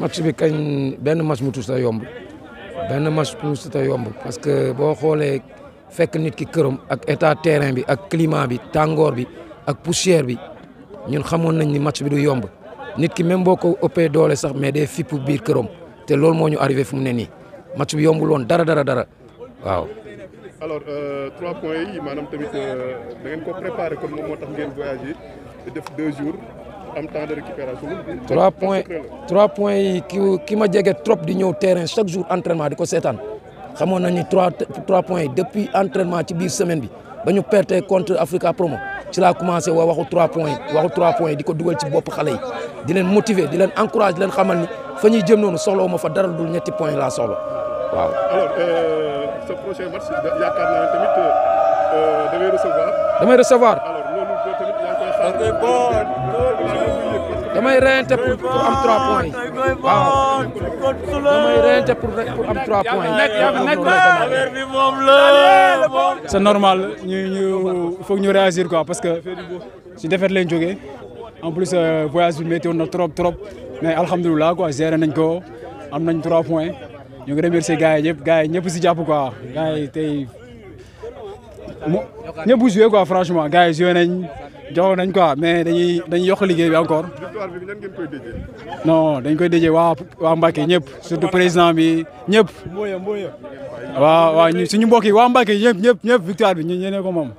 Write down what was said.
match bi kañ benn match mu tuuti yomb benn match mu tuuti yomb parce que boo xoolee fekk nit ki këram ak état terrain bi ak climat bi tàngoor bi ak poussière bi ñun xamoon nañ ni match bi du yomb nit ki même boo ko ëppee doole sax mais day fipp biir këram te loolu moo ñu arrivé fu mu ne nii match bi yombul woon dara dara dara waaw. alors euh, am temps de trois points trois points yi ki jege trop di ñëw terrain chaque jour entraînement di ko seetaan xamoon nañu trois trois points yi depuis entraînement ci biir semaine bi ba ñu perte contre Africa Promo ci laa commencé waa waxu trois points yi waxu trois points yi di ko dugal ci bopp xale yi di leen motiver di leen encourager di leen xamal ni fa ñuy noonu soxla wu fa dara dul ñetti points laa soxla damay reyante am 3 points c'est normal ñu ñu il réagir quoi parce que si defet leen jógee en plus euh, voyage bi na trop trop mais alhamdulilah quoi géré nañ ko am nañ ñu ngi remercier gars yi ñëpp gars si jàpp quoi gars tey mu ñëpp joué franchement gars yi joué nañ. joxoon nañ ko mais dañuy dañuy yokk liggéey bi encore non dañ koy déjee waa waa Mbacké ñëpp surtout président bi ñëpp waaw waaw suñu mbokk yi waa Mbacké ñëpp ñëpp ñëpp victoire bi ñu ñenee ko moom